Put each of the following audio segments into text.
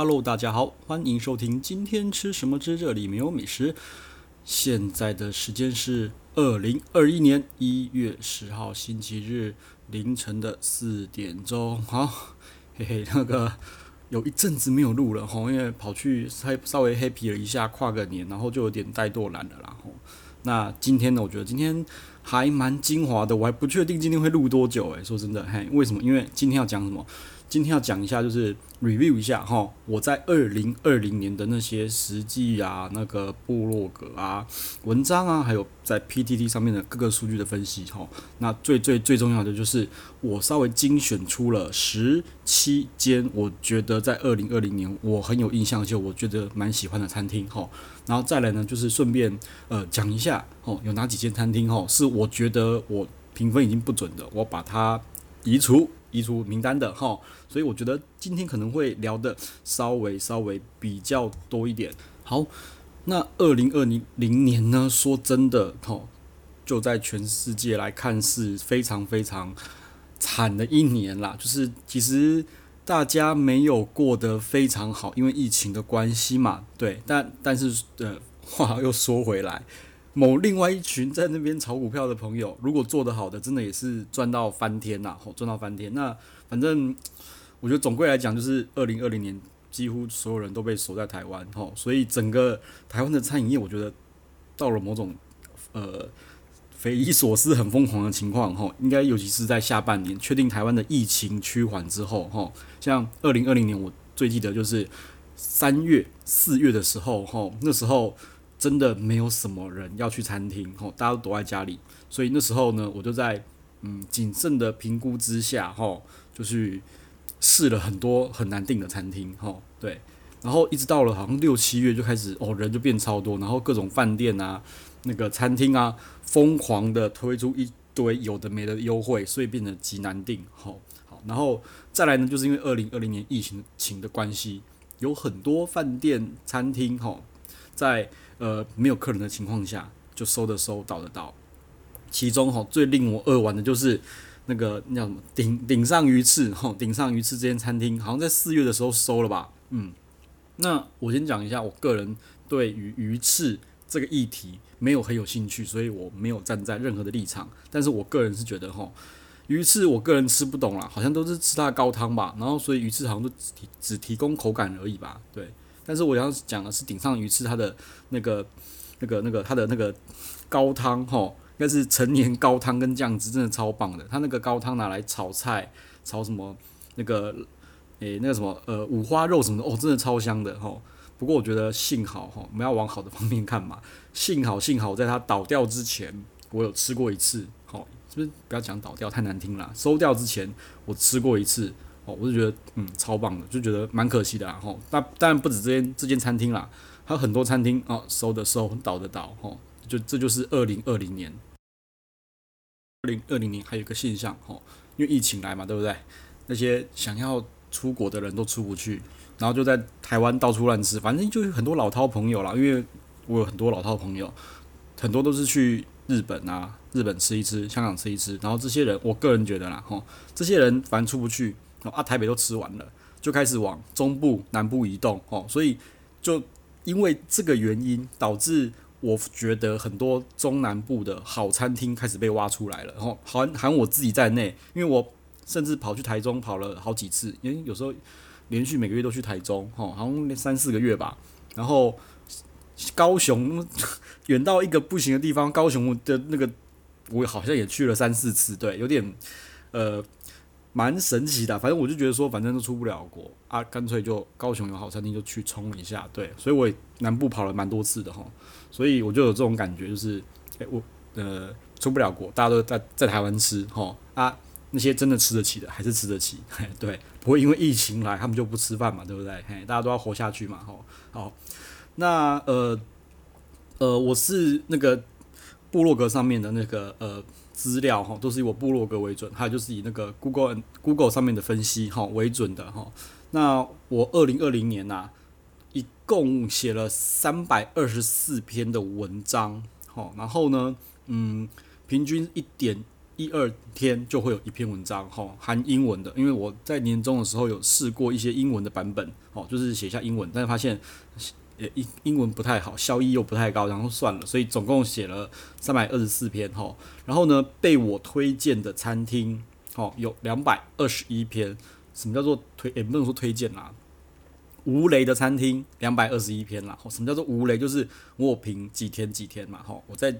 Hello，大家好，歡迎收聽今天吃什麼之這裡沒有美食。現在的時間是二零二一年一月十號星期日凌晨的四點鐘。好，嘿嘿，那個有一陣子沒有錄了哈，因為跑去嗨，稍微嗨皮了一下跨個年，然後就有點怠惰懶了然後。那今天呢？我覺得今天還蠻精華的，我還不確定今天會錄多久欸，說真的，嘿，為什麼？因為今天要講什麼？今天要講一下，就是 review 一下哈，我在二零二零年的那些食記啊、那個部落格啊、文章啊，還有在 PTT 上面的各個數據的分析哈。那最最最重要的就是，我稍微精選出了十七間，我覺得在二零二零年我很有印象，就我覺得蠻喜歡的餐廳哈。然後再來呢，就是順便呃講一下哦，有哪幾間餐廳哈是我覺得我評分已經不準的，我把它移除移除名單的哈。所以我覺得今天可能會聊得稍微稍微比較多一點。好，那二零二零年呢，說真的吼、哦，就在全世界來看是非常非常慘的一年啦。就是其實大家沒有過得非常好，因為疫情的關係嘛。對，但但是呃話又說回來，某另外一群在那邊炒股票的朋友，如果做得好的，真的也是賺到翻天吶，哦賺到翻天。那反正。我覺得總歸來講，就是二零二零年幾乎所有人都被鎖在台灣，哈，所以整個台灣的餐飲業，我覺得到了某種呃匪夷所思、很瘋狂的情況，哈，應該尤其是在下半年確定台灣的疫情趨緩之後，哈，像二零二零年，我最記得就是三月、四月的時候，哈，那時候真的沒有什麼人要去餐廳，哦，大家都躲在家裡，所以那時候呢，我就在嗯謹慎的評估之下，哈，就是。試了很多很難訂的餐廳，吼，對，然後一直到了好像六七月就開始，哦，人就變超多，然後各種飯店啊、那個餐廳啊，瘋狂的推出一堆有的沒的優惠，所以變得極難訂，吼、哦、好，然後再來呢，就是因為二零二零年疫情情的關係，有很多飯店餐廳，吼、呃，在呃沒有客人的情況下，就收的收，倒的倒，其中吼最令我扼腕的就是。那個那叫什麼頂頂上魚翅，吼，頂上魚翅這間餐廳好像在四月的時候收了吧？嗯，那我先講一下，我個人對於魚翅這個議題沒有很有興趣，所以我沒有站在任何的立場。但是我個人是覺得，吼，魚翅我個人吃不懂啦，好像都是吃它的高湯吧，然後所以魚翅好像都只提只提供口感而已吧？對。但是我要講的是頂上魚翅它的那個那個那個它的那個高湯，哈。那是陳年高湯跟醬汁，真的超棒的。他那個高湯拿來炒菜，炒什麼那個，誒，那個什麼，呃，五花肉什麼的，哦，真的超香的哈、哦。不過我覺得幸好哈、哦，我們要往好的方面看嘛。幸好幸好，在它倒掉之前，我有吃過一次，好，是不是不要講倒掉太難聽啦。收掉之前，我吃過一次，哦，我就覺得嗯，超棒的，就覺得蠻可惜的哈。但但不只這間這間餐廳啦，還有很多餐廳哦，收的收，倒的倒，吼，就這就是二零二零年。二零二零年還有一個現象，吼，因為疫情來嘛，對不對？那些想要出國的人都出不去，然後就在台灣到處亂吃，反正就有很多老饕朋友啦。因為我有很多老饕朋友，很多都是去日本啊，日本吃一吃，香港吃一吃。然後這些人，我個人覺得啦，吼，這些人反正出不去，啊，台北都吃完了，就開始往中部、南部移動，吼。所以就因為這個原因，導致。我覺得很多中南部的好餐廳開始被挖出來了，然後含含我自己在內，因為我甚至跑去台中跑了好幾次，因為有時候連續每個月都去台中，好像三四個月吧。然後高雄遠到一個不行的地方，高雄的那個我好像也去了三四次，對，有點呃。蠻神奇的啊，反正我就覺得說，反正都出不了國啊，乾脆就高雄有好餐廳就去衝一下。對，所以我也南部跑了蠻多次的哈，所以我就有這種感覺，就是，欸，我呃出不了國，大家都在在台灣吃哈啊，那些真的吃得起的還是吃得起嘿，對，不會因為疫情來他們就不吃飯嘛，對不對？嘿，大家都要活下去嘛，吼。好，那呃呃，我是那個部落格上面的那個呃。資料哈，都是以我部落格為準，還有就是以那個 Google Google 上面的分析哈為準的哈。那我二零二零年吶，一共寫了三百二十四篇的文章哈，然後呢，嗯，平均一點一二天就會有一篇文章哈，含英文的，因為我在年中的時候有試過一些英文的版本哦，就是寫下英文，但發現。也英英文不太好，效益又不太高，然後算了，所以總共寫了三百二十四篇哈。然後呢，被我推薦的餐廳哦有兩百二十一篇，什麼叫做推？也不能說推薦啦，無雷的餐廳兩百二十一篇啦。哦，什麼叫做無雷？就是我評幾天幾天嘛。哈，我再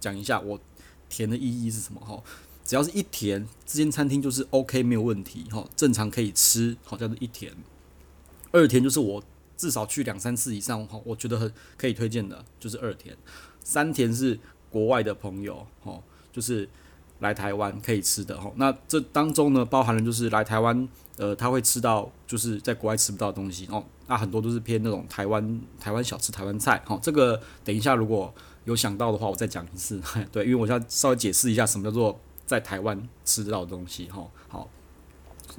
講一下我填的意義是什麼。哈，只要是一填，這間餐廳就是 OK 沒有問題哈，正常可以吃。好，像是一填，二天就是我。至少去兩三次以上哈，我覺得很可以推薦的，就是二田、三田是國外的朋友哦，就是來台灣可以吃的哦。那這當中呢，包含了就是來台灣呃，他會吃到就是在國外吃不到的東西哦。那很多都是偏那種台灣台灣小吃、台灣菜哦。這個等一下如果有想到的話，我再講一次。對，因為我要稍微解釋一下什麼叫做在台灣吃得到的東西哈。好，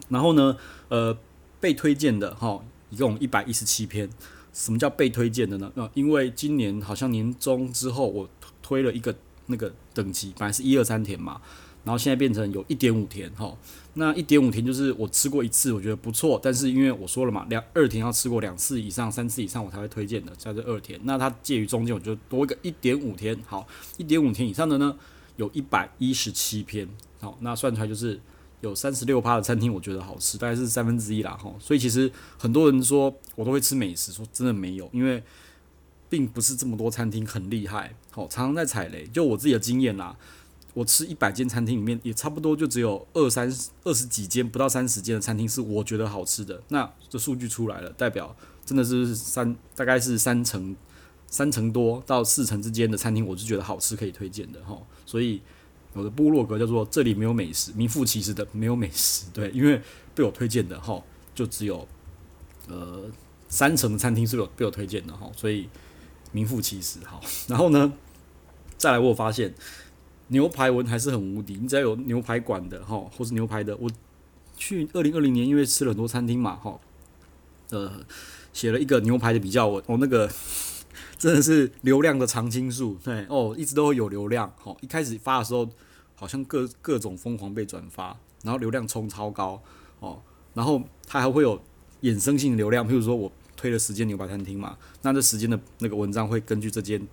然後呢，呃，被推薦的哈。一共一百一十七篇。什麼叫被推薦的呢？那因為今年好像年中之後，我推了一個那個等級，本來是一二三天嘛，然後現在變成有一點五天哈，那一點五天就是我吃過一次，我覺得不錯，但是因為我說了嘛，兩二天要吃過兩次以上、三次以上，我才會推薦的，叫做二天。那它介於中間，我就多一個一點五天。好，一點五天以上的呢，有一百一十七篇。好，那算出來就是。有三十六趴的餐廳，我覺得好吃，大概是三分之一啦，吼。所以其實很多人說，我都會吃美食，說真的沒有，因為並不是這麼多餐廳很厲害，好，常常在踩雷。就我自己的經驗啦，我吃一百間餐廳裡面，也差不多就只有二三二十幾間，不到三十間的餐廳是我覺得好吃的。那這數據出來了，代表真的是三大概是三成、三成多到四成之間的餐廳，我是覺得好吃可以推薦的，吼。所以。我的部落格叫做“這裡沒有美食”，名副其實的沒有美食，對，因為被我推薦的哈，就只有呃三層的餐廳是有被我推薦的哈，所以名副其實哈。然後呢，再來我發現牛排文還是很無敵，你只要有牛排館的哈，或是牛排的，我去二零二零年因為吃了很多餐廳嘛哈，呃，寫了一個牛排的比較文，我、哦、我那個。真的是流量的常青樹，對哦，一直都會有流量。一開始發的時候，好像各各種瘋狂被轉發，然後流量衝超高哦，然後它還會有衍生性流量，譬如說我推了時間牛排餐廳嘛，那這時間的那個文章會根據這間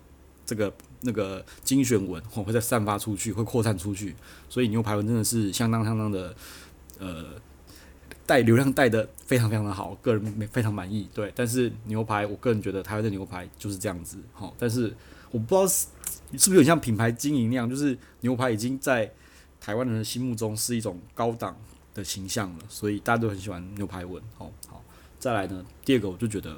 這個那個精選文，我、哦、會再散發出去，會擴散出去，所以牛排文真的是相當相當的呃。帶流量帶的非常非常的好，個人非常滿意。對，但是牛排，我個人覺得台灣的牛排就是這樣子。好，但是我不知道是是不是有像品牌經營那樣，就是牛排已經在台灣人的心目中是一種高檔的形象了，所以大家都很喜歡牛排文。好，好，再來呢，第二個我就覺得，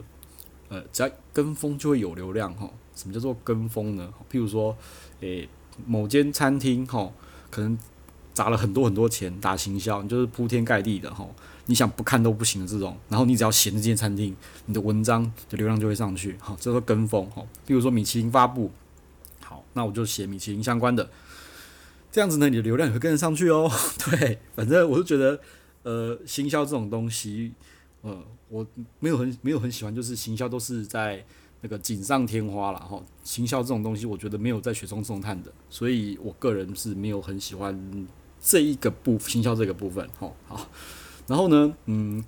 呃，只要跟風就會有流量。哈，什麼叫做跟風呢？譬如說，誒、欸，某間餐廳，哈，可能砸了很多很多錢打行銷，就是鋪天蓋地的，哈。你想不看都不行的這種，然後你只要寫這間餐廳，你的文章的流量就會上去，好，這說跟風，好，比如說米其林發布，好，那我就寫米其林相關的，這樣子呢，你的流量也會跟着上去哦。對，反正我就覺得，呃，行銷這種東西，呃，我沒有很沒有很喜歡，就是行銷都是在那個錦上添花啦，哈，行銷這種東西，我覺得沒有在雪中送炭的，所以我個人是沒有很喜歡這一個部行銷這個部分，哈、哦，好。然後呢，嗯，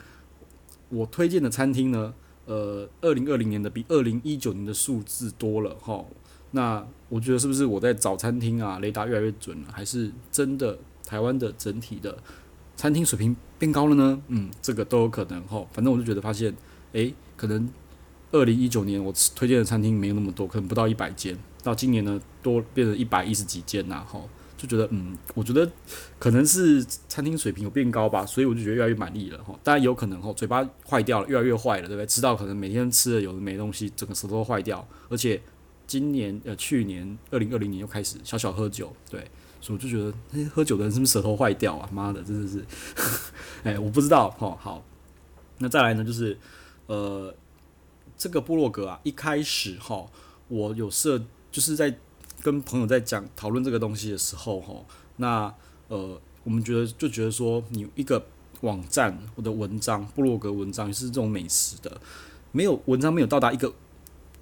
我推薦的餐廳呢，呃，二零二零年的比二零一九年的數字多了哈。那我覺得是不是我在找餐廳啊？雷達越來越準了，還是真的台灣的整體的餐廳水平變高了呢？嗯，這個都有可能哈。反正我就覺得發現，哎，可能二零一九年我推薦的餐廳沒有那麼多，可能不到一百間，到今年呢多變成一百一十幾間吶、啊、哈。就覺得嗯，我覺得可能是餐廳水平有變高吧，所以我就覺得越來越滿意了哈。當然有可能哈，嘴巴壞掉了，越來越壞了，對不對？吃到可能每天吃的有的沒東西，整個舌頭壞掉。而且今年呃，去年二零二零年又開始小小喝酒，對，所以我就覺得，那些、欸、喝酒的人是不是舌頭壞掉啊？媽的，真的是，哎、欸，我不知道哈。好，那再來呢，就是呃，這個部落格啊，一開始哈，我有設就是在。跟朋友在講討論這個東西的時候，齁，那呃，我們覺得就覺得說，你一個網站或者文章、部落格文章也是這種美食的，沒有文章沒有到達一個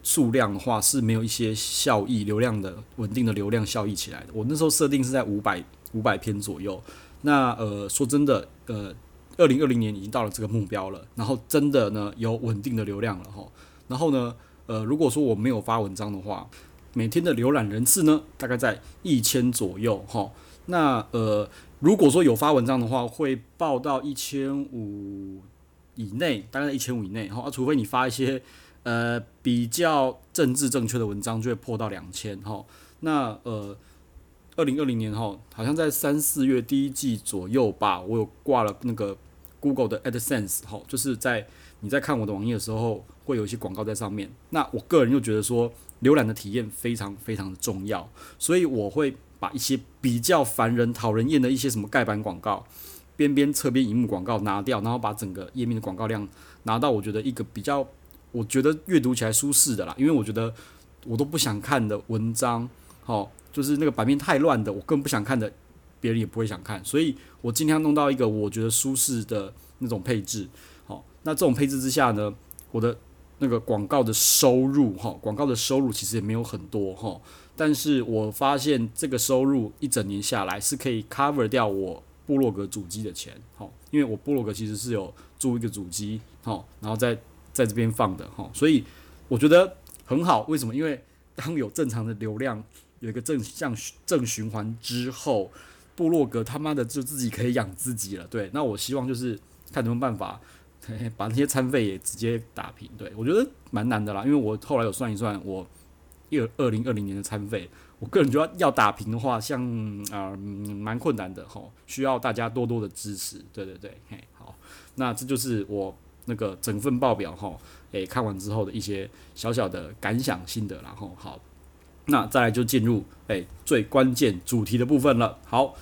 數量的話，是沒有一些效益、流量的穩定的流量效益起來的。我那時候設定是在五百五百篇左右，那呃，說真的，呃，二零二零年已經到了這個目標了，然後真的呢有穩定的流量了齁，然後呢，呃，如果說我沒有發文章的話。每天的瀏覽人次呢，大概在一千左右哈。那呃，如果說有發文章的話，會報到一千五以內，大概在一千五以內哈。啊，除非你發一些呃比較政治正確的文章，就會破到兩千哈。那呃，二零二零年哈，好像在三四月第一季左右吧，我有掛了那個 Google 的 AdSense 哈，就是在你在看我的網頁的時候，會有一些廣告在上面。那我個人又覺得說。瀏覽的體驗非常非常的重要，所以我會把一些比較煩人、討人厭的一些什麼蓋板廣告、邊邊側邊、熒幕廣告拿掉，然後把整個頁面的廣告量拿到我覺得一個比較，我覺得閱讀起來舒適的啦。因為我覺得我都不想看的文章，好，就是那個版面太亂的，我更不想看的，別人也不會想看，所以我盡量弄到一個我覺得舒適的那種配置。好，那這種配置之下呢，我的。那個廣告的收入哈，廣告的收入其實也沒有很多哈，但是我發現這個收入一整年下來是可以 cover 掉我部落格主機的錢，哈，因為我部落格其實是有租一個主機哈，然後在在這邊放的哈，所以我覺得很好，為什麼？因為當有正常的流量，有一個正向正循環之後，部落格他媽的就自己可以養自己了。對，那我希望就是看什麼辦法。把那些餐費也直接打平，對，我覺得蠻難的啦，因為我後來有算一算，我一、二零二零年的餐費，我個人覺得要，要打平的話，像啊、呃嗯、蠻困難的吼，哦，需要大家多多的支持，對對對，嘿，好，那這就是我那個整份報表吼，哦，誒，看完之後的一些小小的感想心得，然，哦、後好，那再來就進入誒最關鍵主題的部分了，好，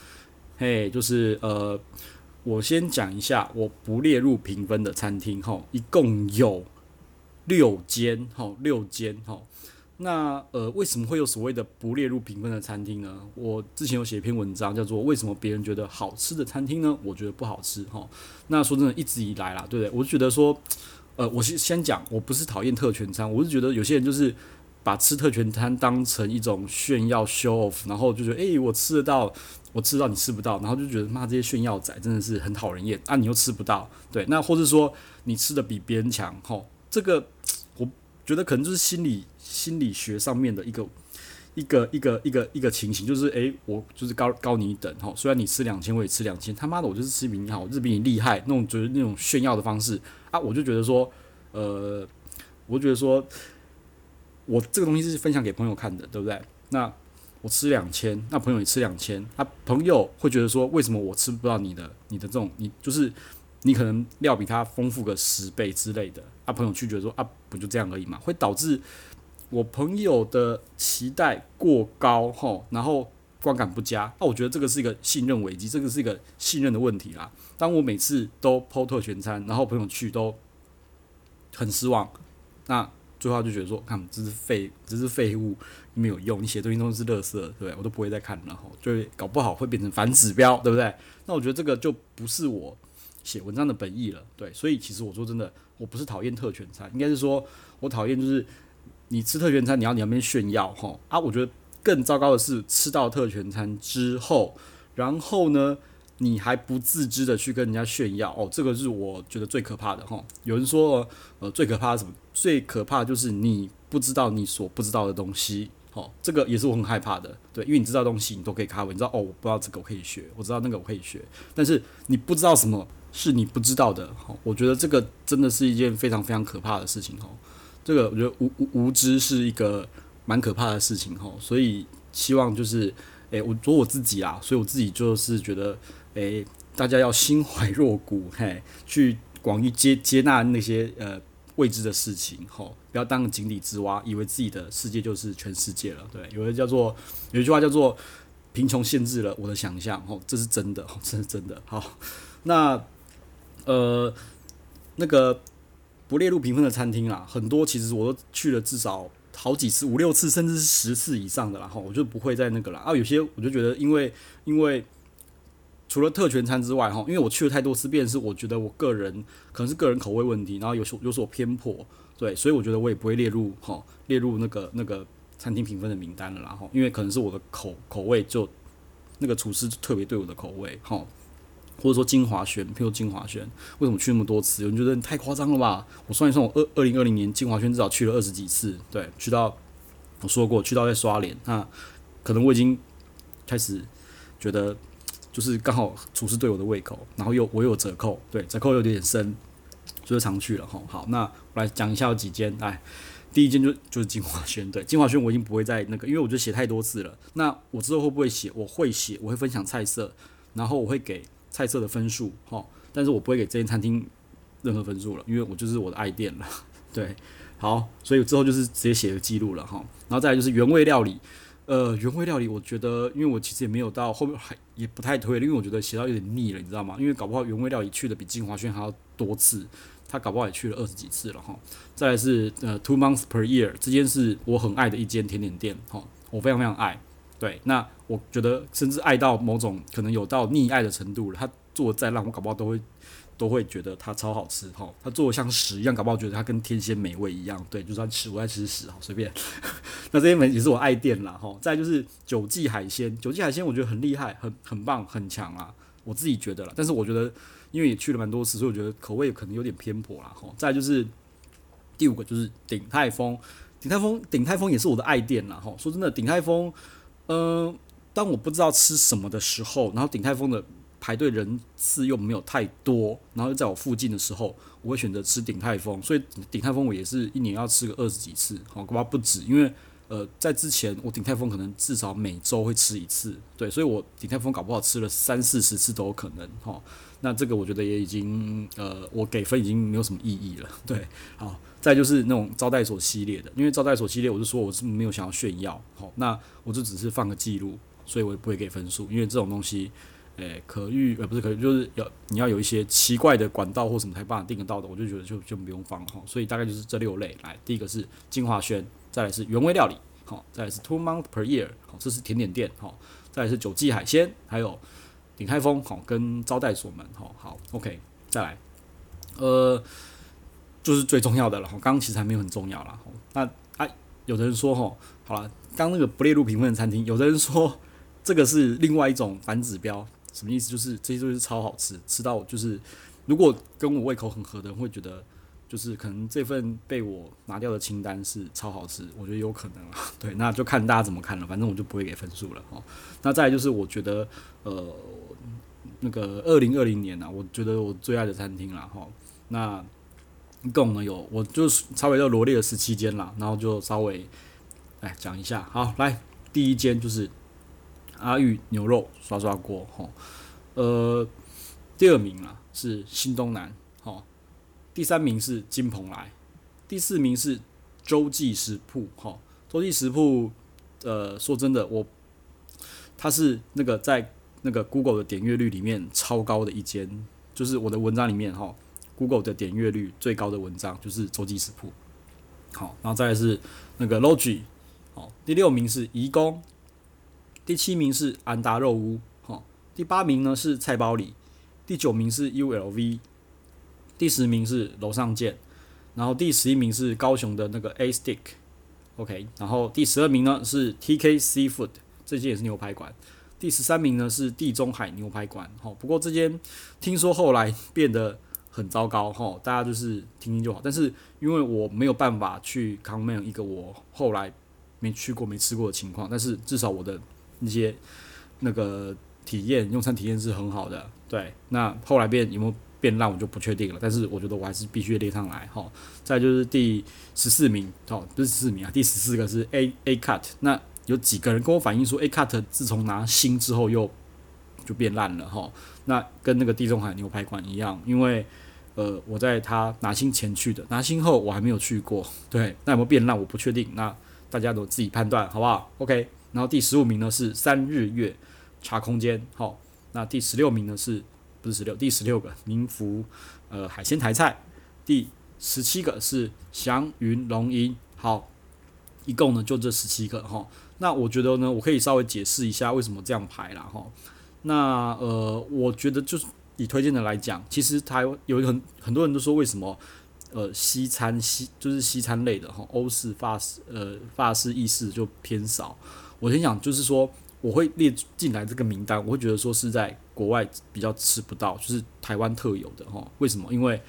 嘿，就是呃。我先講一下，我不列入評分的餐廳，哈，一共有六間，哈，六間，哈。那呃，為什麼會有所謂的不列入評分的餐廳呢？我之前有寫一篇文章，叫做《為什麼別人覺得好吃的餐廳呢？我覺得不好吃，哈。那說真的，一直以來啦，對不對？我就覺得說，呃，我先先講，我不是討厭特權餐，我是覺得有些人就是。把吃特權攤當成一種炫耀 show off，然後就覺得哎、欸，我吃得到，我吃到你吃不到，然後就覺得媽，這些炫耀仔真的是很討人厭啊！你又吃不到，對，那或是說你吃的比別人強，吼，這個我覺得可能就是心理心理學上面的一個一個一個一個一個，一個情形，就是哎、欸，我就是高高你一等，吼，雖然你吃兩千，我也吃兩千，他媽的，我就是吃比你好，我就是比你厲害，那種就是那種炫耀的方式啊，我就覺得說，呃，我覺得說。我這個東西是分享給朋友看的，對不對？那我吃兩千，那朋友也吃兩千，啊，朋友會覺得說，為什麼我吃不到你的，你的這種，你就是你可能料比他豐富個十倍之類的，啊，朋友去覺得說，啊，不就這樣而已嘛，會導致我朋友的期待過高吼，然後觀感不佳，那、啊、我覺得這個是一個信任危機，這個是一個信任的問題啦。當我每次都 PO 特全餐，然後朋友去都很失望，那、啊。最後就覺得說，看，這是廢，這是廢物，沒有用，你寫東西都是垃圾，對不對？我都不會再看了，就搞不好會變成反指標，對不對？那我覺得這個就不是我寫文章的本意了，對，所以其實我說真的，我不是討厭特權餐，應該是說我討厭就是你吃特權餐，你要你那邊炫耀，吼啊！我覺得更糟糕的是吃到特權餐之後，然後呢？你還不自知的去跟人家炫耀哦，這個是我覺得最可怕的哈、哦。有人說，呃，最可怕的什麼？最可怕的就是你不知道你所不知道的東西。好、哦，這個也是我很害怕的。對，因為你知道的東西，你都可以 cover。你知道哦，我不知道這個我可以學，我知道那個我可以學，但是你不知道什麼是你不知道的。好、哦，我覺得這個真的是一件非常非常可怕的事情。哈、哦，這個我覺得無、無、無知是一個蠻可怕的事情。哈、哦，所以希望就是，哎、欸，我做我自己啊，所以我自己就是覺得。誒、欸，大家要心懷若谷，嘿，去廣義接接納那些呃未知的事情，吼，不要當井底之蛙，以為自己的世界就是全世界了。對，有一叫做有一句話叫做“貧窮限制了我的想象”，吼，這是真的，吼，這是真的。好，那呃，那個不列入評分的餐廳啦、啊，很多其實我都去了至少好幾次、五六次，甚至是十次以上的，啦。吼我就不會再那個了啊。有些我就覺得因，因為因為。除了特權餐之外，哈，因為我去了太多次，便是我覺得我個人可能是個人口味問題，然後有所有所偏頗，對，所以我覺得我也不會列入，哈，列入那個那個餐廳評分的名單了，然後，因為可能是我的口口味就那個廚師特別對我的口味，哈，或者說精華軒，譬如說精華軒，為什麼去那麼多次？有人覺得你太誇張了吧？我算一算，我二二零二零年精華軒至少去了二十幾次，對，去到我說過去到在刷臉，那可能我已經開始覺得。就是剛好廚師對我的胃口，然後又我又有折扣，對折扣又有點深，所以常去了齁。好，那我來講一下有幾間，哎，第一間就就是金華軒，對金華軒我已經不會再那個，因為我就寫太多次了。那我之後會不會寫？我會寫，我會分享菜色，然後我會給菜色的分數，齁，但是我不會給這間餐廳任何分數了，因為我就是我的愛店了，對。好，所以我之後就是直接寫個記錄了齁，然後再來就是原味料理。呃，原味料理，我覺得，因為我其實也沒有到後面還，還也不太推，因為我覺得寫到有點膩了，你知道嗎？因為搞不好原味料理去的比金華軒還要多次，他搞不好也去了二十幾次了哈。再來是呃，two months per year，這間是我很愛的一間甜點店哈，我非常非常愛。對，那我覺得甚至愛到某種可能有到溺愛的程度了，他做的再爛，我搞不好都會。都會覺得它超好吃吼，它做的像屎一樣，搞不好覺得它跟天仙美味一樣。對，就算吃我在吃屎哈，隨便。 那這些美食也是我的愛店啦吼。再就是九記海鮮，九記海鮮我覺得很厲害，很很棒，很強啦。我自己覺得啦。但是我覺得，因為也去了蠻多次，所以我覺得口味可能有點偏頗啦吼。再就是第五個就是鼎泰豐，鼎泰豐，鼎泰豐也是我的愛店啦吼。說真的，鼎泰豐，嗯、呃，當我不知道吃什麼的時候，然後鼎泰豐的。排隊人次又沒有太多，然後在我附近的時候，我會選擇吃鼎泰豐，所以鼎泰豐我也是一年要吃個二十幾次，好，恐怕不，不止，因為呃，在之前我鼎泰豐可能至少每周會吃一次，對，所以我鼎泰豐搞不好吃了三四十次都有可能，哈，那這個我覺得也已經呃，我給分已經沒有什麼意義了，對，好，再就是那種招待所系列的，因為招待所系列，我就說我是沒有想要炫耀，好，那我就只是放個記錄，所以我也不會給分數，因為這種東西。誒、欸，可遇呃，不是可遇，就是有你要有一些奇怪的管道或什麼才幫你訂得到的，我就覺得就就不用放哈。所以大概就是這六類，來第一個是金華軒，再來是原味料理，好，再來是 Two Month Per Year，好，這是甜點店，再來是九記海鮮，還有鼎泰豐好，跟招待所們，好，好，OK，再來，呃，就是最重要的了，哈，剛剛其實還沒有很重要了，那哎、啊，有的人說哈，好了，剛那個不列入評分的餐廳，有的人說這個是另外一種反指標。什麼意思？就是這些就是超好吃，吃到就是，如果跟我胃口很合的人會覺得，就是可能這份被我拿掉的清單是超好吃，我覺得有可能啊。對，那就看大家怎麼看了，反正我就不會給分數了哦。那再來就是，我覺得呃，那個二零二零年呢、啊，我覺得我最愛的餐廳啦。哈。那一共呢有，我就稍微要羅列了十七間啦，然後就稍微來講一下。好，來第一間就是。阿裕牛肉涮涮鍋，哈，呃，第二名啊是新東南哈，第三名是金蓬萊，第四名是洲際食鋪哈，洲際食鋪呃說真的我，它是那個在那個 Google 的點閱率裡面超高的一間，就是我的文章裡面哈 Google 的點閱率最高的文章就是洲際食鋪好，然後再是那個 Logi，好，第六名是宜工。第七名是安達肉屋，好，第八名呢是菜包裡，第九名是 ULV，第十名是樓上見，然後第十一名是高雄的那個 A Stick，OK，OK，然後第十二名呢是 TK Seafood，這間也是牛排館，第十三名呢是地中海牛排館，好，不過這間聽說後來變得很糟糕，哈，大家就是聽聽就好，但是因為我沒有辦法去 comment 一個我後來沒去過沒吃過的情況，但是至少我的。那些那個體驗用餐體驗是很好的，對。那後來變有沒有變爛，我就不確定了。但是我覺得我還是必須列上來哈。再就是第十四名，哦，不是四名啊，第十四個是 A A Cut。那有幾個人跟我反映說 A Cut 自從拿星之後又就變爛了哈。那跟那個地中海牛排館一樣，因為呃我在他拿星前去的，拿星後我還沒有去過。對，那有沒有變爛我不確定。那大家都自己判斷好不好？OK。然後第十五名呢是三日月茶空間，好、哦，那第十六名呢是不是十六？第十六個名福呃海鮮台菜，第十七個是祥雲龍吟，好，一共呢就這十七個哈、哦。那我覺得呢，我可以稍微解釋一下為什麼這樣排啦。哈、哦。那呃，我覺得就是以推薦的來講，其實台灣有很很多人都說為什麼呃西餐西就是西餐類的哈、哦、歐式法式呃法式意式就偏少。我先講，就是說我會列進來這個名單，我會覺得說是在國外比較吃不到，就是台灣特有的哈。為什麼？因為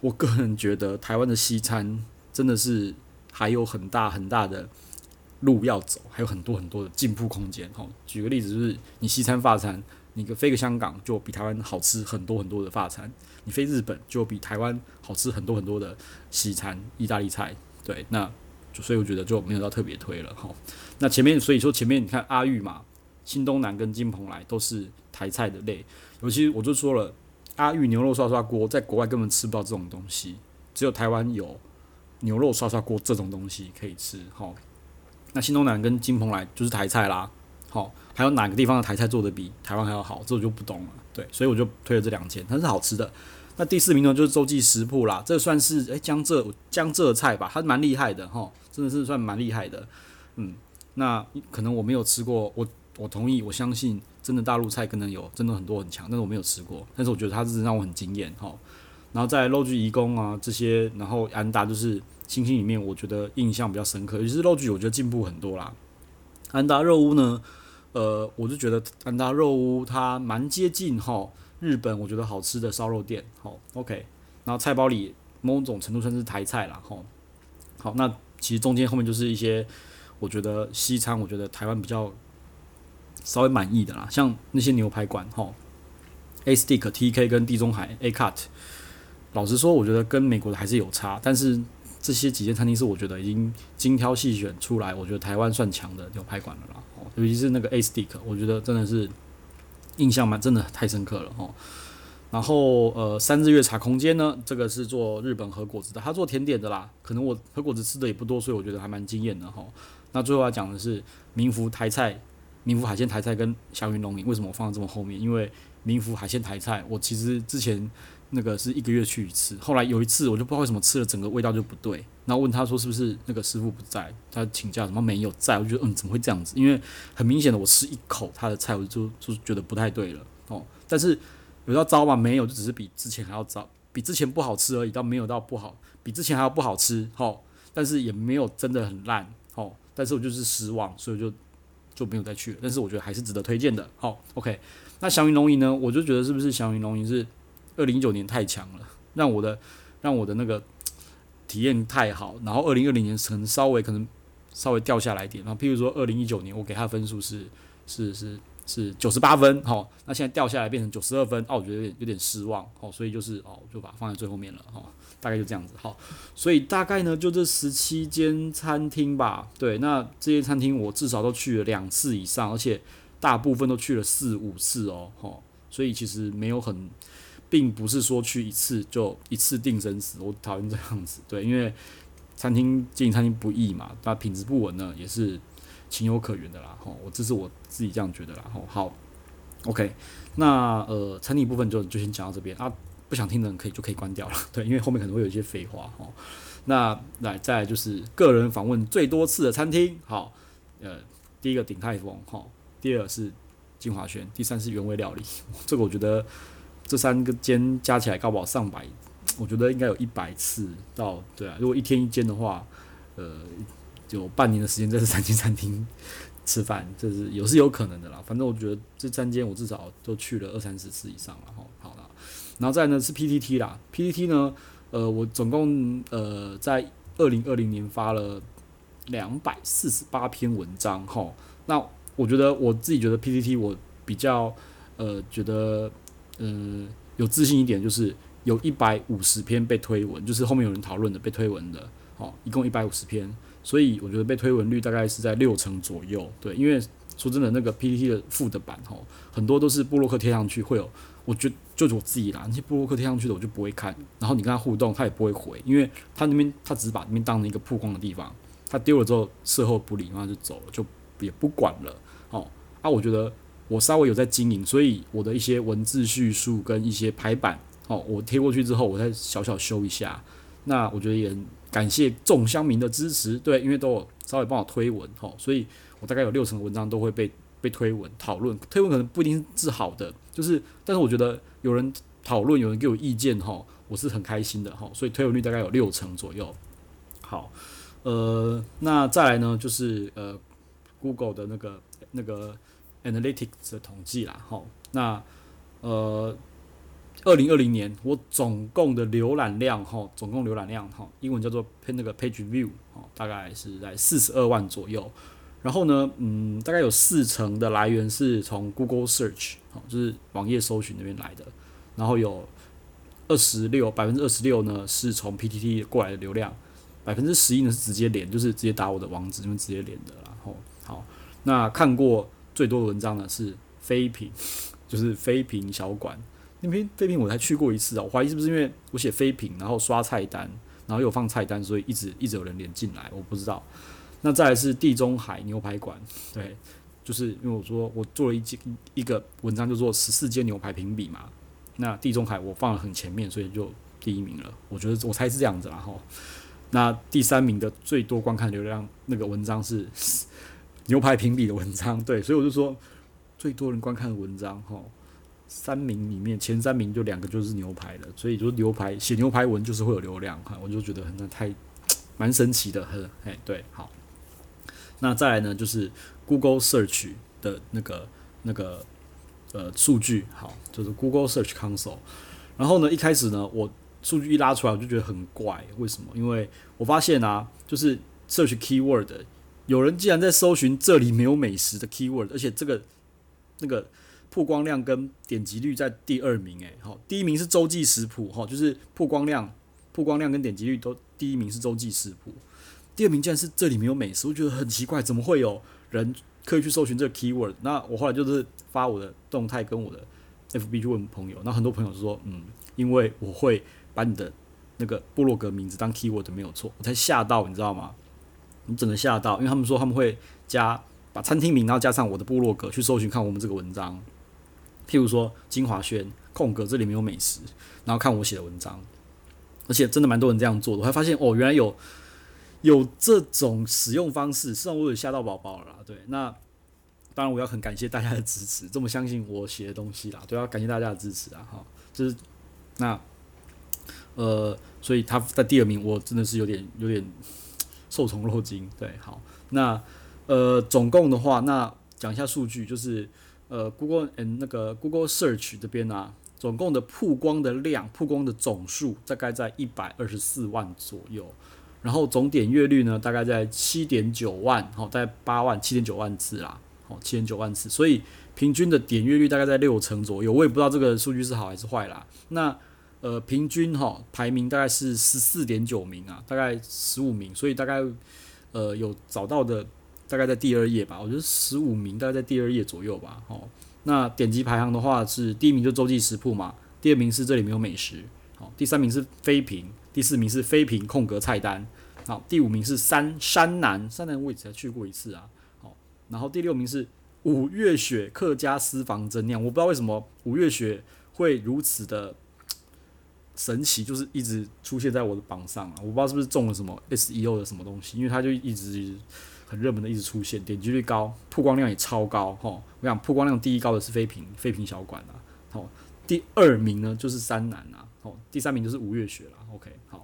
我個人覺得台灣的西餐真的是還有很大很大的路要走，還有很多很多的進步空間哈。舉個例子，就是你西餐，法餐，你個飛個香港就比台灣好吃很多很多的法餐，你飛日本就比台灣好吃很多很多的西餐，意大利菜。對，那。所以我覺得就沒有到特別推了齁。那前面所以說前面你看阿玉嘛，新東南跟金蓬萊，都是台菜的類。尤其我就說了，阿玉牛肉刷刷鍋在國外根本吃不到這種東西，只有台灣有牛肉刷刷鍋這種東西可以吃。好，那新東南跟金蓬萊就是台菜啦。好，還有哪個地方的台菜做得比台灣還要好？這我就不懂了。對，所以我就推了這兩間，它是好吃的。那第四名呢，就是周記食鋪啦，這個、算是哎江浙江浙菜吧，它蠻厲害的哈，真的是算蠻厲害的。嗯，那可能我沒有吃過，我我同意，我相信真的大陸菜可能有真的很多很強，但是我沒有吃過，但是我覺得它是讓我很驚艷哈。然後在肉具移工啊這些，然後安達就是星星裡面，我覺得印象比較深刻，也是肉具，我覺得進步很多啦。安達肉屋呢，呃，我就覺得安達肉屋它蠻接近哈。吼日本我覺得好吃的燒肉店，好，OK，然後菜包裡某種程度算是台菜啦。吼，好，那其實中間後面就是一些我覺得西餐，我覺得台灣比較稍微滿意的啦，像那些牛排館，吼，A Stick、TK 跟地中海 A Cut，老實說我覺得跟美國的還是有差，但是這些幾間餐廳是我覺得已經精挑細選出來，我覺得台灣算強的牛排館了啦，尤其是那個 A Stick，我覺得真的是。印象蠻真的太深刻了吼，然後呃三日月茶空間呢，這個是做日本和果子的，他做甜點的啦，可能我和果子吃的也不多，所以我覺得還蠻驚豔的吼。那最後要講的是民福台菜，民福海鮮台菜跟祥雲龍吟，為什麼我放在這麼後面？因為民福海鮮台菜，我其實之前。那個是一個月去一次，後來有一次我就不知道為什麼吃了整個味道就不對，然後問他說是不是那個師傅不在，他請假什麼沒有在，我就覺得嗯怎麼會這樣子？因為很明顯的我吃一口他的菜我就就覺得不太對了哦。但是有到糟吧沒有，就只是比之前還要糟，比之前不好吃而已，到沒有到不好，比之前還要不好吃哦。但是也沒有真的很爛哦。但是我就是失望，所以就就沒有再去了。但是我覺得還是值得推薦的。好，哦，OK，那祥雲龍吟呢？我就覺得是不是祥雲龍吟是。二零一九年太強了，讓我的讓我的那個體驗太好，然後二零二零年可能稍微可能稍微掉下來一點。然後譬如說二零一九年我給他的分數是是是是九十八分，好，那現在掉下來變成九十二分，哦，我覺得有點有點失望，好，所以就是哦，就把它放在最後面了，哈，大概就這樣子，好，所以大概呢就這十七間餐廳吧，對，那這些餐廳我至少都去了兩次以上，而且大部分都去了四五次哦，哈，所以其實沒有很。並不是說去一次就一次定生死，我討厭這樣子。對，因為餐廳經營餐廳不易嘛，那品質不穩呢，也是情有可原的啦。吼，我這是我自己這樣覺得啦。吼，好，OK，那呃，餐廳部分就就先講到這邊啊。不想聽的人可以就可以關掉了。對，因為後面可能會有一些廢話。吼，那來再來就是個人訪問最多次的餐廳。好，呃，第一個鼎泰豐，吼，第二是金華軒，第三是原味料理。這個我覺得。這三個間加起來剛好上百，我覺得應該有一百次到對啊。如果一天一間的話，呃，有半年的時間在這三間餐廳吃飯，這，就是有是有可能的啦。反正我覺得這三間我至少都去了二三十次以上了哈。好了，然後再呢是 P T T 啦，P T T 呢，呃，我總共呃在二零二零年發了兩百四十八篇文章哈。那我覺得我自己覺得 P T T 我比較呃覺得。嗯，有自信一點，就是有一百五十篇被推文，就是後面有人討論的被推文的，哦，一共一百五十篇，所以我覺得被推文率大概是在六成左右。對，因為說真的，那個 PTT 的 Food 版，哦，很多都是部落客貼上去，會有，我覺就是我自己啦，那些部落客貼上去的我就不會看，然後你跟他互動，他也不會回，因為他那邊他只是把那邊當成一個曝光的地方，他丟了之後事後不理，然後就走了，就也不管了，哦，啊，我覺得。我稍微有在經營，所以我的一些文字敘述跟一些排版，哦，我貼過去之後，我再小小修一下。那我覺得也感謝眾鄉民的支持，對，因為都有稍微幫我推文，哈，所以我大概有六成的文章都會被被推文討論，推文可能不一定是好的，就是，但是我覺得有人討論，有人給我意見，哈，我是很開心的，哈，所以推文率大概有六成左右。好，呃，那再來呢，就是呃，Google 的那個那個。Analytics 的統計啦，好，那呃，二零二零年我總共的瀏覽量哈，總共瀏覽量哈，英文叫做 page 那個 page view 哦，大概是在四十二萬左右。然後呢，嗯，大概有四成的來源是從 Google Search 哦，就是網頁搜尋那邊來的。然後有二十六百分之二十六呢，是從 PTT 過來的流量，百分之十一呢是直接連，就是直接打我的網址，就是直接連的啦。好，那看過。最多的文章呢是妃嬪，就是妃嬪小館。因為妃嬪我才去過一次啊、喔，我懷疑是不是因為我寫妃嬪，然後刷菜單，然後又放菜單，所以一直一直有人連進來，我不知道。那再來是地中海牛排館，對，對就是因為我說我做了一一一個文章，就做十四間牛排評比嘛。那地中海我放了很前面，所以就第一名了。我覺得我猜是這樣子，然後那第三名的最多觀看流量那個文章是牛排評比的文章，對，所以我就說最多人觀看的文章，吼三名裡面前三名就兩個就是牛排了，所以就牛排寫牛排文就是會有流量，哈，我就覺得那太蠻神奇的，呵，哎，對，好，那再來呢就是 Google Search 的那個那個呃數據，好，就是 Google Search Console，然後呢一開始呢我數據一拉出來我就覺得很怪，為什麼？因為我發現啊，就是 Search Keyword。有人竟然在搜尋這裡沒有美食的 keyword，而且這個那個曝光量跟點擊率在第二名，誒，好，第一名是周記食譜，哈，就是曝光量、曝光量跟點擊率都第一名是周記食譜，第二名竟然是這裡沒有美食，我覺得很奇怪，怎麼會有人可以去搜尋這個 keyword？那我後來就是發我的動態跟我的 FB 去問朋友，那很多朋友說，嗯，因為我會把你的那個部落格名字當 keyword 沒有錯，我才嚇到，你知道嗎？你只能嚇到，因為他們說他們會加把餐廳名，然後加上我的部落格去搜尋看我們這個文章。譬如說金華軒空格這裡沒有美食，然後看我寫的文章。而且真的蠻多人這樣做的，我還發現哦，原來有有這種使用方式，是以我也嚇到寶寶了啦。對，那當然我要很感謝大家的支持，這麼相信我寫的東西啦。都要感謝大家的支持啊，哈，就是那呃，所以他在第二名，我真的是有點有點。受寵若驚，對，好，那呃，總共的話，那講一下數據，就是呃，Google 嗯，那個 Google Search 這邊啊，總共的曝光的量，曝光的總數大概在一百二十四萬左右，然後總點閱率呢，大概在七點九萬，好，在八萬，七點九萬次啦，好，七點九萬次，所以平均的點閱率大概在六成左右，我也不知道這個數據是好還是壞啦，那。呃，平均哈排名大概是十四點九名啊，大概十五名，所以大概呃有找到的大概在第二頁吧，我覺得十五名大概在第二頁左右吧。好，那點擊排行的話是第一名就周記食鋪嘛，第二名是這裡沒有美食，好，第三名是斐品，第四名是斐品空格菜單，好，第五名是山山南，山南我以前去過一次啊，好，然後第六名是五月雪客家私房蒸釀，我不知道為什麼五月雪會如此的。神奇就是一直出現在我的榜上啊！我不知道是不是中了什麼 SEO 的什麼東西，因為它就一直，一直很熱門的一直出現，點擊率高，曝光量也超高。吼、哦，我想曝光量第一高的是飛屏，飛屏小館啊。好、哦，第二名呢就是三男啊。好、哦，第三名就是吳月雪啦 OK，好、哦，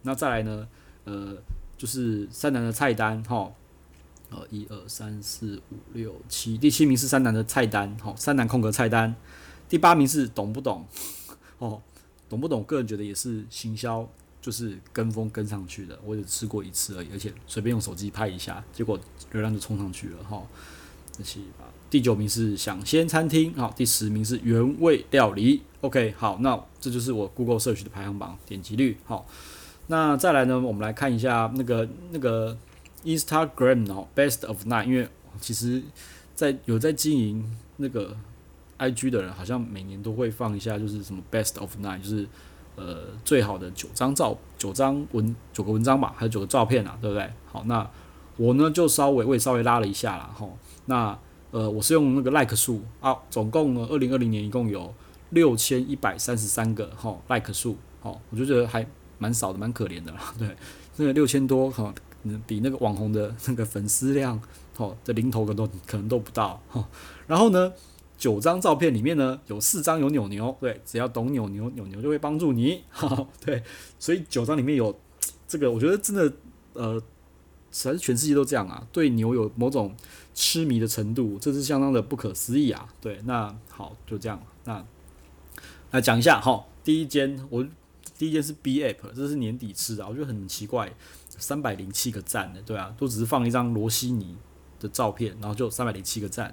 那再來呢？呃，就是三男的菜單。哈、哦，呃，一二三四五六七，第七名是三男的菜單。好、哦，三男空格菜單。第八名是懂不懂？哦。懂不懂？個人覺得也是行銷，就是跟風跟上去的。我只吃過一次而已，而且隨便用手機拍一下，結果流量就衝上去了哈。那七八，第九名是享先餐廳，好，第十名是原味料理。OK，好，那這就是我 Google Search 的排行榜點擊率。好，那再來呢，我們來看一下那個那個 Instagram 哦，Best of Nine，因為其實在有在經營那個。I G 的人好像每年都會放一下，就是什麼 Best of Nine，就是呃最好的九張照、九張文、九個文章吧，還有九個照片啊，對不對？好，那我呢就稍微我也稍微拉了一下啦。哈。那呃我是用那個 Like 數啊，總共呢二零二零年一共有六千一百三十三個哈 Like 數，哈，我就覺得還蠻少的，蠻可憐的啦。對，那個六千多哈，比那個網紅的那個粉絲量哈的零頭可能都都可能都不到哈。然後呢？九張照片裡面呢，有四張有牛牛、牛，對，只要懂牛牛，牛牛、牛就會幫助你。好，對，所以九張裡面有這個，我覺得真的，呃，實在是全世界都這樣啊，對牛有某種癡迷的程度，這是相當的不可思議啊，對，那好，就這樣，那來講一下哈。第一間我第一間是 B App，這是年底吃的，我覺得很奇怪，三百零七個讚的，對啊，都只是放一張羅西尼的照片，然後就三百零七個讚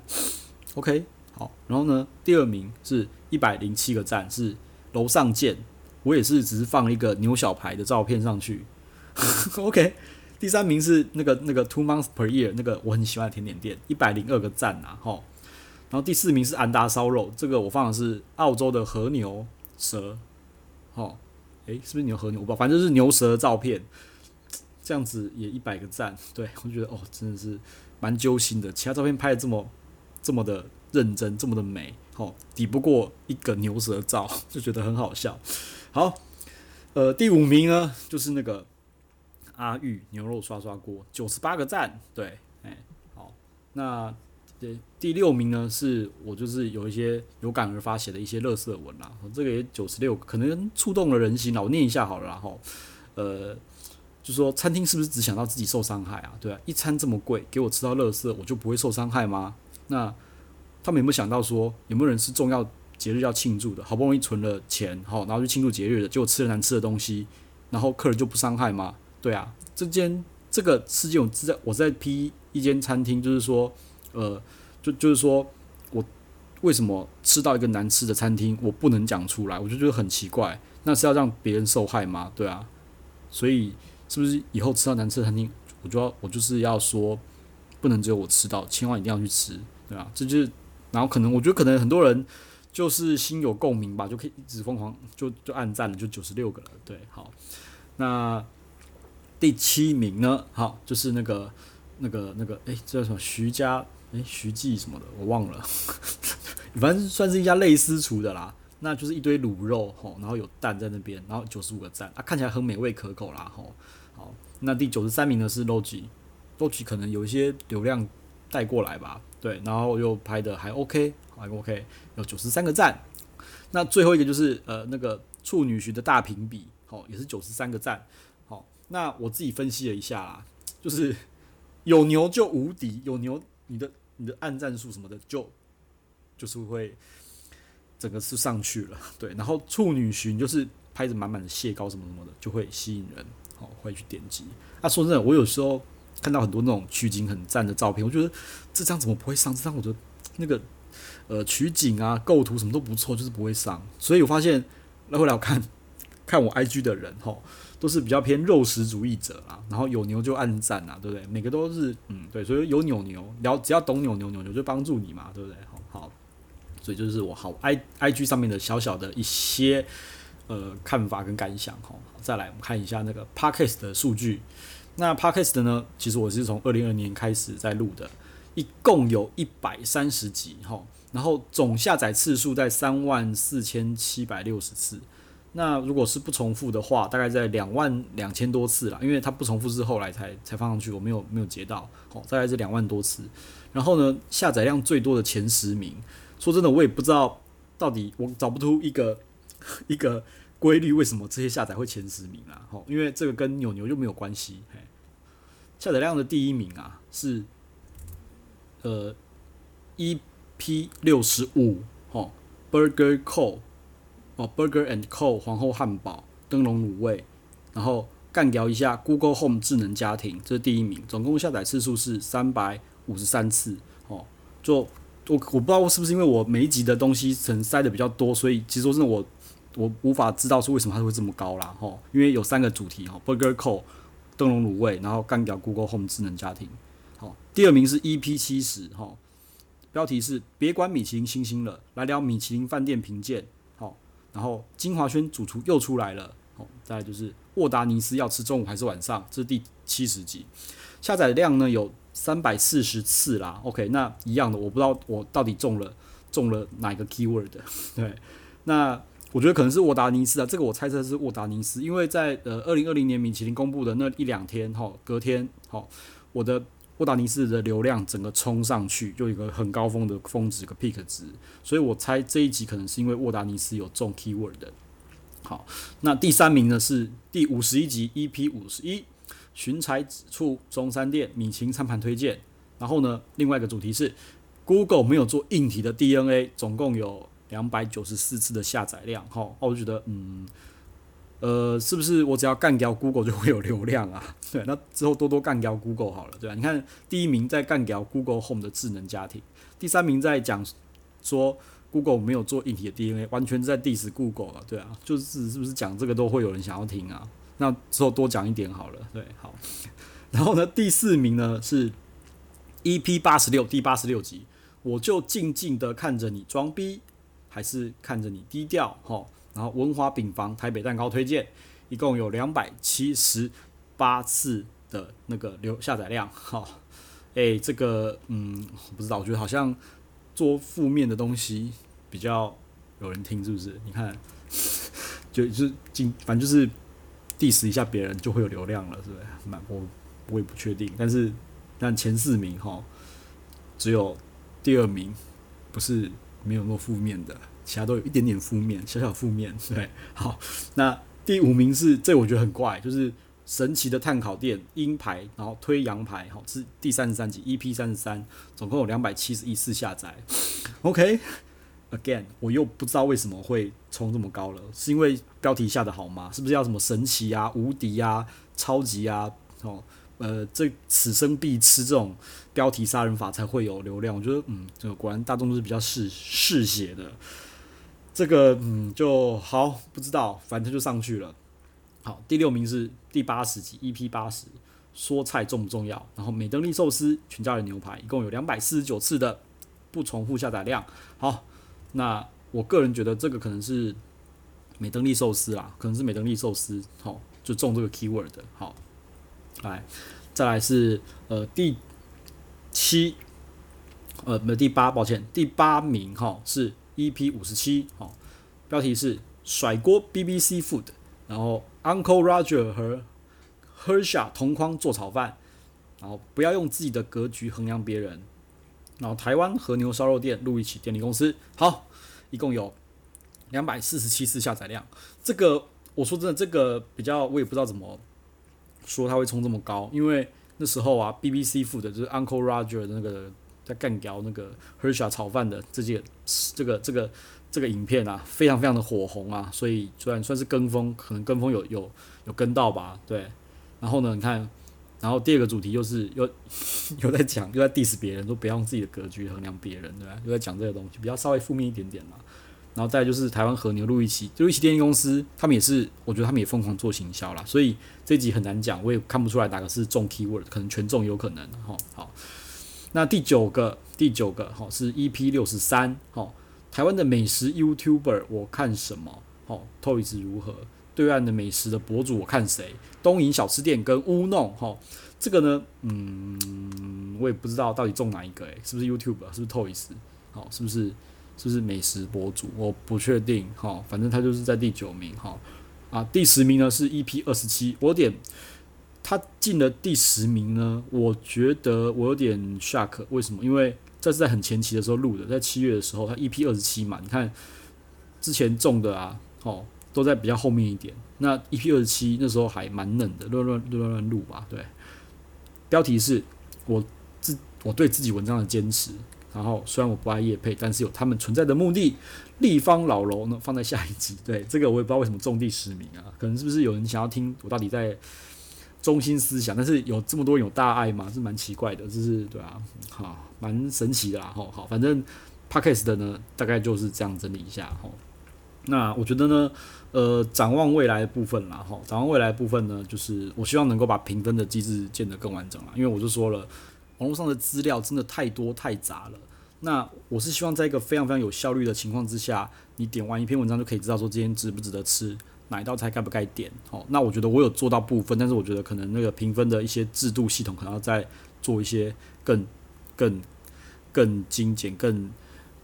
，OK。好，然後呢，第二名是一百零七個讚，是樓上見，我也是只是放一個牛小排的照片上去 ，OK。第三名是那個那個 Two Months Per Year 那個我很喜歡的甜點店，一百零二個讚吶、啊，哈。然後第四名是安達燒肉，這個我放的是澳洲的和牛舌。哦，誒、欸，是不是牛和牛？我不知道，反正是牛舌的照片，這樣子也一百個讚。對，我覺得哦，真的是蠻揪心的，其他照片拍得這麼這麼的。認真這麼的美，吼，抵不過一個牛舌照，就覺得很好笑。好，呃，第五名呢，就是那個阿玉牛肉刷刷鍋，九十八個讚。對，哎、欸，好。那第第六名呢，是我就是有一些有感而發寫的一些垃圾文啦。這個也九十六，可能觸動了人心，我念一下好了，吼。呃，就說餐廳是不是只想到自己受傷害啊？對啊，一餐這麼貴，給我吃到垃圾，我就不會受傷害嗎？那。他們有沒有想到說，有沒有人是重要節日要慶祝的？好不容易存了錢，哈，然後去慶祝節日的，結果吃了難吃的東西，然後客人就不傷害嗎？對啊，這間這個事件，我在我在批一間餐廳，就是說，呃，就就是說我為什麼吃到一個難吃的餐廳，我不能講出來，我就覺得很奇怪，那是要讓別人受害嗎？對啊，所以是不是以後吃到難吃的餐廳，我就要我就是要說，不能只有我吃到，千萬一定要去吃，對啊，這就是。然後可能我覺得可能很多人就是心有共鳴吧，就可以一直瘋狂就就按讚了，就九十六個了。對，好，那第七名呢？好，就是那個那個那個，哎、那個，叫、欸、什麼？徐家？哎、欸，徐記什麼的？我忘了。呵呵，反正算是一家類私廚的啦，那就是一堆滷肉吼，然後有蛋在那邊，然後九十五個讚，啊，看起來很美味可口啦吼。好，那第九十三名呢是 Logy，Logy 可能有一些流量。帶過來吧，對，然後又拍的還 OK，還 OK，有九十三個讚。那最後一個就是呃，那個處女蟳的大評比，好，也是九十三個讚。好，那我自己分析了一下啦，就是有牛就無敵，有牛你的你的按讚數什麼的就就是會整個是上去了，對。然後處女蟳就是拍着滿滿的蟹膏什麼什麼的，就會吸引人，好，會去點擊。啊，說真的，我有時候。看到很多那種取景很讚的照片，我覺得這張怎麼不會上？這張我覺得那個呃取景啊、構圖什麼都不錯，就是不會上。所以我發現，那後來我看看我 IG 的人吼，都是比較偏肉食主義者啦，然後有牛就按讚啊，對不對？每個都是嗯對，所以有牛牛,牛，聊只要懂牛牛,牛，牛牛就幫助你嘛，對不對？好，所以就是我好 I IG 上面的小小的一些呃看法跟感想吼。再來我們看一下那個 Podcast 的數據。那 Podcast 呢？其實我是從二零二零年開始在錄的，一共有一百三十集哈，然後總下載次數在三萬四千七百六十次。那如果是不重複的話，大概在兩萬兩千多次了，因為它不重複是後來才才放上去，我沒有沒有截到，哦，大概是兩萬多次。然後呢，下載量最多的前十名，說真的，我也不知道到底我找不出一個一個。規律為什麼這些下載會前十名啦？哦，因為這個跟牛牛就沒有關係。嘿下載量的第一名啊，是呃 EP 六十五，Burger Co 哦 Burger and Co 皇后漢堡燈籠滷味，然後幹掉一下 Google Home 智能家庭，這是第一名，總共下載次數是三百五十三次。哦，就我我不知道我是不是因為我每一集的東西可能塞的比較多，所以其實說真的我。我無法知道說為什麼它會這麼高啦，吼，因為有三個主題 Burger Code、燈籠滷味，然後幹掉 Google Home 智能家庭。好，第二名是 EP 七十，哈，標題是別管米其林星星了，來聊米其林飯店評鑑。好，然後金華軒主廚又出來了，好，大概就是沃達尼斯要吃中午還是晚上？這是第七十集，下載量呢有三百四十次啦。OK，那一樣的，我不知道我到底中了中了哪一個 Keyword 的，對，那。我覺得可能是沃達尼斯啊，這個我猜測是沃達尼斯，因為在呃二零二零年米其林公布的那一兩天哈，隔天哈，我的沃達尼斯的流量整個衝上去，就有一個很高峰的峰值一個 peak 值，所以我猜這一集可能是因為沃達尼斯有中 keyword 的。好，那第三名呢是第五十一集 EP 五十一，巡才子處中山店米其林餐盤推薦。然後呢，另外一個主題是 Google 沒有做硬體的 DNA，總共有。兩百九十四次的下載量，哈、哦啊，我覺得，嗯，呃，是不是我只要幹掉 Google 就會有流量啊？對，那之後多多幹掉 Google 好了，對吧？你看，第一名在幹掉 Google Home 的智能家庭，第三名在講說 Google 沒有做硬體的 DNA，完全在 dis Google 了、啊，對啊，就是是不是講這個都會有人想要聽啊？那之後多講一點好了，對，好，然後呢，第四名呢是 EP 八十六，第八十六集，我就靜靜的看着你裝逼。還是看着你低調哈，然後文華餅房台北蛋糕推薦，一共有兩百七十八次的那個流下載量哈，哎，這個嗯，不知道，我覺得好像做負面的東西比較有人聽，是不是？你看，就就是進，反正就是 diss 一下別人就會有流量了，是不是？蠻我我也不確定，但是但前四名哈，只有第二名不是，沒有那麼負面的，其他都有一點點負面，小小負面。對，好，那第五名是這，我覺得很怪，就是神奇的炭烤店陰牌，然後推陽牌，好，是第三十三集，EP 三十三，總共有兩百七十一次下載。OK，again，okay, 我又不知道為什麼會衝這麼高了，是因為標題下的好嗎？是不是要什麼神奇啊、無敵啊、超級啊？哦。呃，這此生必吃這種標題殺人法才會有流量。我覺得，嗯，這個果然大眾都是比較嗜嗜血的。這個，嗯，就好，不知道，反正就上去了。好，第六名是第八十集，EP 八十，說菜重不重要？然後美登利壽司、全家人牛排，一共有兩百四十九次的不重複下載量。好，那我個人覺得這個可能是美登利壽司啊，可能是美登利壽司，好、哦，就中這個 keyword 的，好。來，再來是呃第七，呃沒第八，抱歉，第八名哈、哦、是 EP 五十七哈，標題是甩鍋 BBC Food，然後 Uncle Roger 和 Hersha 同框做炒飯，然後不要用自己的格局衡量別人，然後台灣和牛燒肉店路易奇電力公司，好，一共有兩百四十七次下載量，這個我說真的，這個比較我也不知道怎麼。說他會衝這麼高，因為那時候啊，BBC 負的就是 Uncle Roger 的那個在乾聊那個 Hersh 炒飯的這些這個這個這個影片啊，非常非常的火紅啊，所以雖然算是跟風，可能跟風有有有跟到吧，對。然後呢，你看，然後第二個主題、就是、又是又又在講，又在 dis 別人，都不要用自己的格局衡量別人，對吧？又在講這個東西，比較稍微負面一點點嘛然後再來就是台灣和牛路易奇，就一路易奇電影公司，他們也是，我覺得他們也瘋狂做行銷啦，所以這集很難講，我也看不出來哪個是中 keyword，可能全中有可能哈。好、哦哦，那第九個第九個哈、哦、是 EP 六十三哈，台灣的美食 YouTuber 我看什麼哈、哦、，Toys 如何？對岸的美食的博主我看誰？東營小吃店跟烏弄哈，這個呢，嗯，我也不知道到底中哪一個誒、欸，是不是 YouTuber？是不是 Toys？好、哦，是不是？就是美食博主，我不確定哈、哦，反正他就是在第九名哈、哦、啊，第十名呢是 EP 二十七。我點他進了第十名呢，我覺得我有點 shock，為什麼？因為這是在很前期的時候錄的，在七月的時候，他 EP 二十七嘛，你看之前中的啊，哦，都在比較後面一點，那 EP 二十七那時候還蠻嫩的，亂亂亂亂亂錄吧，對。標題是我自我對自己文章的堅持。然後雖然我不愛業配，但是有他們存在的目的。立方老樓呢，放在下一集。對，這個我也不知道為什麼重地實名啊，可能是不是有人想要聽我到底在中心思想？但是有這麼多人有大愛嘛，是蠻奇怪的，就是對啊，好，蠻神奇的哈。好，反正 podcast 的呢，大概就是這樣整理一下哈。那我覺得呢，呃，展望未來的部分啦，哈，展望未來的部分呢，就是我希望能夠把評分的機制建得更完整啦，因為我就說了。網絡上的資料真的太多太雜了。那我是希望在一個非常非常有效率的情況之下，你點完一篇文章就可以知道說今天值不值得吃，哪一道菜該不該點。哦，那我覺得我有做到部分，但是我覺得可能那個評分的一些制度系統可能要再做一些更、更、更精簡、更、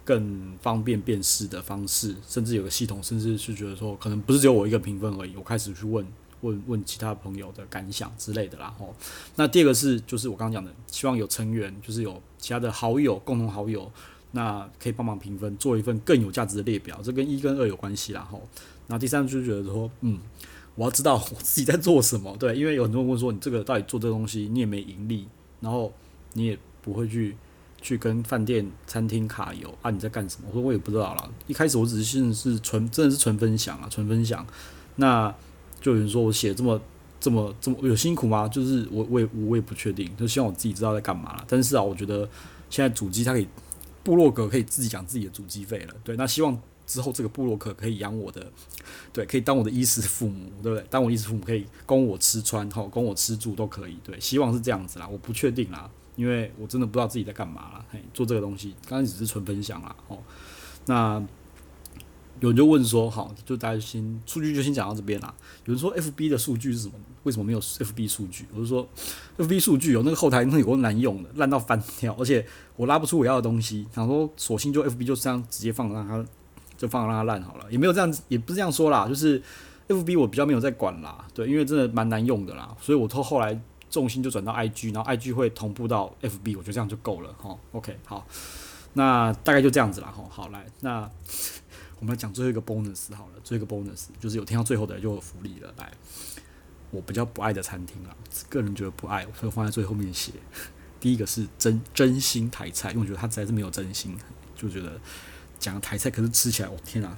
更方便辨識的方式，甚至有個系統，甚至是覺得說可能不是只有我一個評分而已，我開始去問。問問其他朋友的感想之類的啦，吼，那第二個是，就是我剛剛講的，希望有成員，就是有其他的好友，共同好友，那可以幫忙評分，做一份更有價值的列表，這跟一跟二有關係啦，吼。那第三個就覺得說，嗯，我要知道我自己在做什麼，對，因為有很多人問說，你這個到底做這個東西，你也沒盈利，然後你也不會去去跟飯店餐、有、餐廳卡油啊，你在幹什麼？我說我也不知道了，一開始我只是信是純，真的是純分享啊，純分享，那。就有人說我寫這麼這麼這麼有辛苦嗎？就是我我也我也不確定，就希望我自己知道在幹嘛了。但是啊，我覺得現在主機它可以，部落格可以自己講自己的主機費了。對，那希望之後這個部落格可以養我的，對，可以當我的衣食父母，對不對？當我衣食父母可以供我吃穿，好，供我吃住都可以。對，希望是這樣子啦，我不確定啦，因為我真的不知道自己在幹嘛啦。嘿，做這個東西，剛才只是純分享啦，哦，那。有人就問說，好，就大家先數據就先講到這邊啦，啊。有人說，F B 的數據是什麼？為什麼沒有 F B 數據？我就說，F B 數據有那個後台，那有夠難用的，爛到翻掉。而且我拉不出我要的東西。想說，索性就 F B 就這樣直接放，讓它就放讓它爛好了。也沒有這樣，也不是這樣說啦，就是 F B 我比較沒有在管啦，對，因為真的蠻難用的啦，所以我都後來重心就轉到 I G，然後 I G 會同步到 F B，我覺得這樣就夠了哈。OK，好，那大概就這樣子啦。好，來那。我們來講最後一個 bonus 好了，最後一個 bonus 就是有聽到最後的人就有福利了。來，我比較不愛的餐廳了，個人覺得不愛，所以放在最後面寫。第一個是真真心台菜，因為我覺得它實在是沒有真心，就覺得講台菜可是吃起來，我、哦、天哪、啊！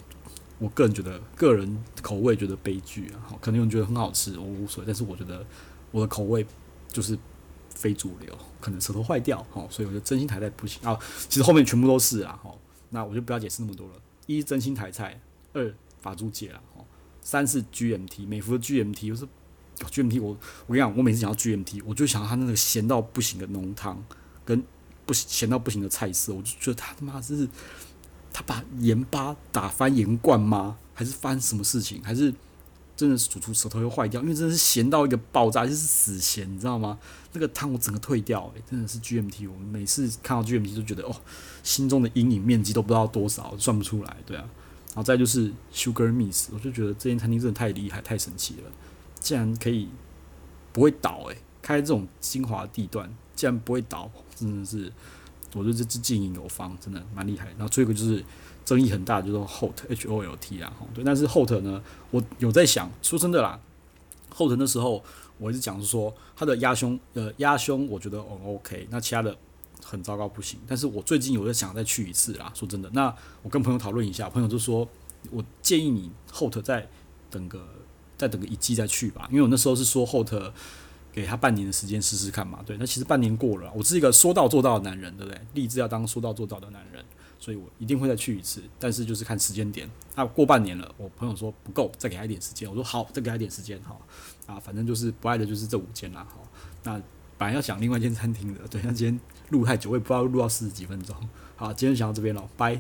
我個人覺得個人口味覺得悲劇啊，好，可能有人覺得很好吃，我無所謂，但是我覺得我的口味就是非主流，可能舌頭壞掉，好，所以我覺得真心台菜不行啊。其實後面全部都是啊，好，那我就不要解釋那麼多了。一真心台菜，二法租界了三是 GMT 美福的 GMT，又是 GMT。GM 我我跟你講，我每次講到 GMT，我就想到他那個鹹到不行的濃湯跟不鹹到不行的菜色，我就覺得他他媽真是，他把鹽巴打翻鹽罐嗎？還是翻什麼事情？還是？真的是煮出舌頭又壞掉，因為真的是鹹到一個爆炸，就是死鹹，你知道嗎？那個湯我整個退掉，欸，誒，真的是 GMT。我們每次看到 GMT 就覺得哦，心中的陰影面積都不知道多少，我算不出來，對啊。然後再就是 Sugar Miss，我就覺得這間餐廳真的太厲害，太神奇了，竟然可以不會倒，欸，誒。開這種精華地段竟然不會倒，真的是，我覺得這支經營有方，真的蠻厲害。然後最後一個就是。爭議很大，就是 Holt, H，就說 Holt H O L T 啊，對，但是 Holt 呢，我有在想，說真的啦，Holt 那時候，我一直講是說他的鴨胸，呃，鴨胸我覺得 OK，那其他的很糟糕，不行。但是我最近有在想再去一次啦，說真的，那我跟朋友討論一下，朋友就說，我建議你 Holt 再等個，再等個一季再去吧，因為我那時候是說 Holt 給他半年的時間試試看嘛，對，那其實半年過了，我是一個說到做到的男人，對不對？立志要當說到做到的男人。所以我一定會再去一次，但是就是看時間點。那、啊、過半年了，我朋友說不夠，再給他一點時間。我說好，再給他一點時間哈。啊，反正就是不愛的就是這五間啦。好，那本來要想另外一間餐廳的，對，那今天錄太久，我也不知道錄到四十幾分鐘。好，今天講到這邊了，拜。